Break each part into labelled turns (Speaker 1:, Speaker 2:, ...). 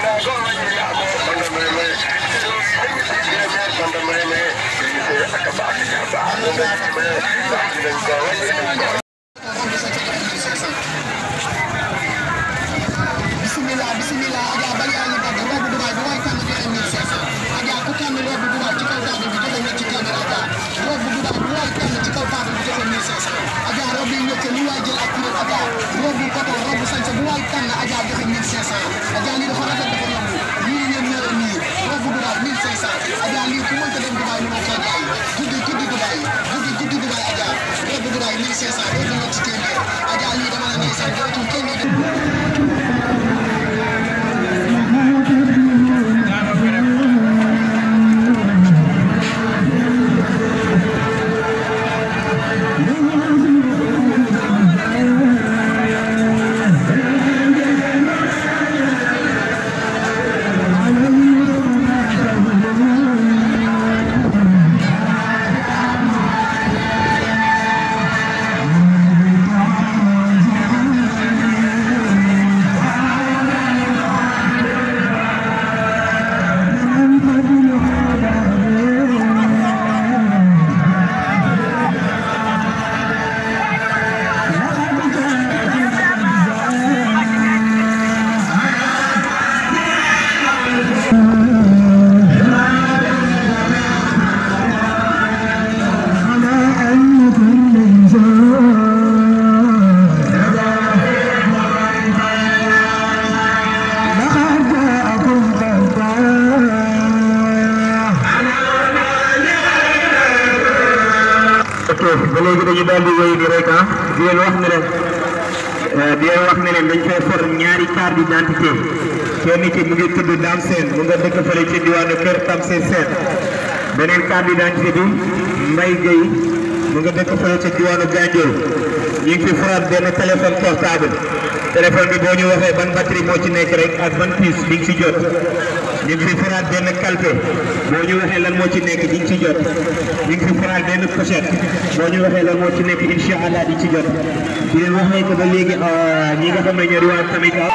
Speaker 1: Thank you. daal di wéy di rek ah di leen wax ne leen eh, di leen wax ne leen dañ fay for ñaari carte d'identité kenn ki mu ngi tudd Dame Sène mu nga dëkk fële ci diwaanu Kër Tamsir Sène beneen carte d'identité bi Mbaye Gueye mu nga dëkk fële ci diwaanu Gandiol ñu ngi fi foraat benn téléphone portable téléphone bi boo ñu waxee ban batterie moo ci nekk rek ak ban puce bi nga ci jot. ñu ngi fi faraat benn calpe boo ñu waxee lan moo ci nekk di ci jot ñu ngi fi faraat benn pochette boo ñu waxee lan moo ci nekk incha allah di ci jot di leen wax ne que ba léegi ah, ñi nga xam ne ñoo di waa tamit daa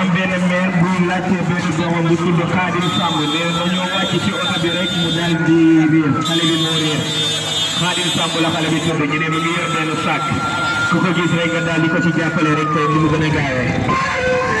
Speaker 1: am benn maire buy laajte benn doomam bu tudd Xaadim Samb ne dañoo wàcc ci oto bi rek mu daal di réer xale bi moo réer Xaadim Samb la xale bi tudd ñu ne mu ngi yor benn sac සුඛ ජීවිතයක් ගන්න අනික සිද්ධාපල රෙක්කෝ දුමුදනේ ගාවේ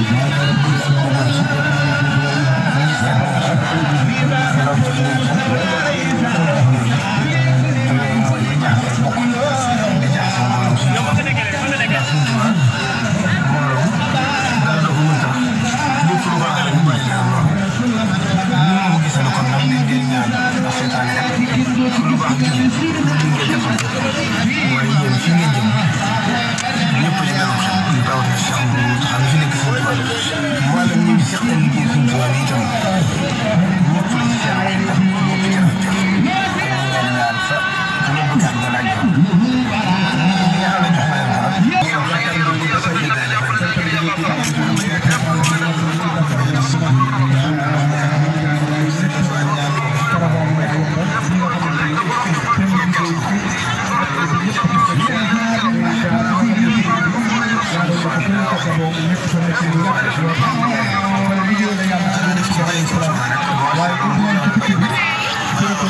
Speaker 1: Viva Revolucionária!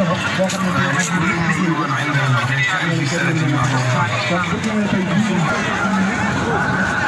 Speaker 1: sabab boo xam ne tey ak biir liggéey bi am na kenn mën naa ko kon bu ñu nee tey bii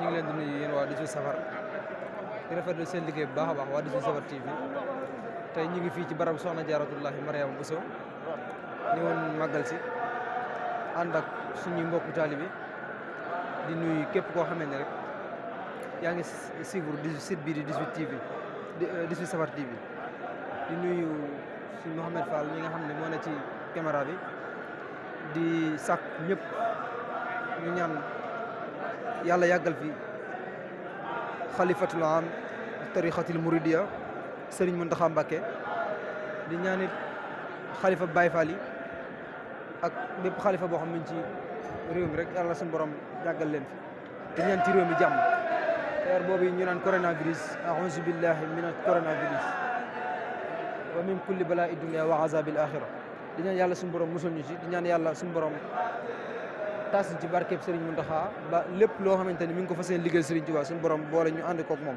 Speaker 1: ñu ngi leen di nuyu yéen waa 18 safar di rafetlu seen liggéey bu a baax waa 18 safar TV tey ñu ngi fii ci barab soxna jaaratullahi Mariama Bousso ñëwoon màggal si ànd ak suñuy mbokku taalibi di nuyu képp koo xamee ne rek yaa ngi suivre di site bii di 18 TV di euh, safar TV di nuyu suñu Mouhamed Fall mi nga xam ne moo ne ci caméra bi di sàkk ñëpp ñu ñaan. yàlla yàggal fi xalifatul am tarixatil muridiya sëriñ Muntaxa Mbàkke di ñaanit xalifa Baay Faal yi ak bépp xalifa boo xam ne ci réew mi rek yàlla suñu borom yàggal leen fi di ñaan ci réew mi jàmm weer boobu ñu naan coronavirus a'uuzu billahi min coronavirus wa min kulli balaa i dunya wa azabil axira di ñaan yàlla suñu borom musul ñu ci di ñaan yàlla suñu borom tas ci barkeb Serigne Mountakha ba lepp lo xamanteni mi ngi ko fassé yéene Serigne Touba sun borom boole ñu ko ak mom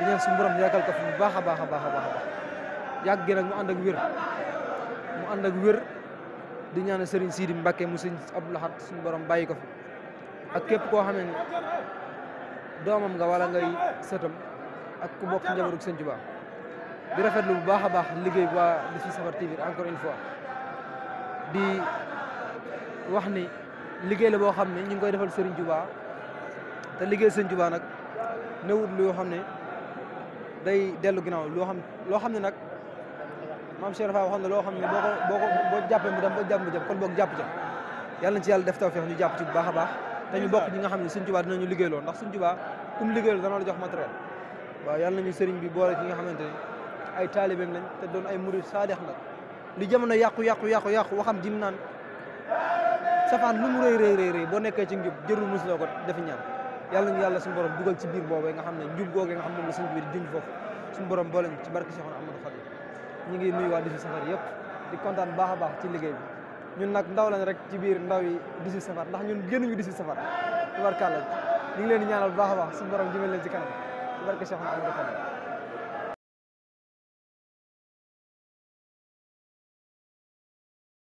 Speaker 1: di ñaan sun borom yàggal ko fu bu baaxa baaxa baaxa a baax a baax gi nag mu and ak wër mu and ak wër di ñaan Serigne Sidi Mbacke mu Serigne Abdou Lahad sun borom bayiko fi ak kep ko xamanteni domam nga wala ngay setam ak ku bokk njaboot Serigne Touba di rafetlu bu baaxa baax wa di ci TV encore une fois di wax ni liggéey la boo xam ne ñu ngi koy defal Serigne Touba te liggéey Serigne Touba nag newut loo xam ne day dellu ginnaaw loo xam loo xam ne nag maam Cheikh Rafa waxoon na loo xam ne boo ko boo ko boo jàppee bu dem boo jàpp mu jëm kon boog jàpp ca yàlla na ci yàlla def ñu jàpp ci bu baax a baax te bokk ñi nga xam ne Serigne Touba dinañu liggéey lool ndax Serigne Touba ku mu liggéey lool dana la jox matériel waaw yàlla nañu Serigne bi boole ci nga xamante ne ay taalibeem lañ te doon ay murid saadex nag li jamono yàqu yàqu yàqu yàqu waxam jim naan safaan lu mu rëy rëy rëy rëy boo nekkee ci njub jërul musuloo ko defi ñaan yàlla ñu yàlla suñu borom dugal ci biir boobu nga xam ne njub googu nga xam moom la suñu biir junj foofu suñu borom boole ci waa dix-huit safar yëpp di kontaan baax baax ci liggéey bi ñun nag ndaw lañ rek ci biir ndaw yi dix-huit safar ndax ñun génnuñu dix-huit safar tubarkàlla ñu ngi leen di ñaanal baax a baax suñu borom jëmale leen ci kanam ci barke Cheikh Ahmadou Khadim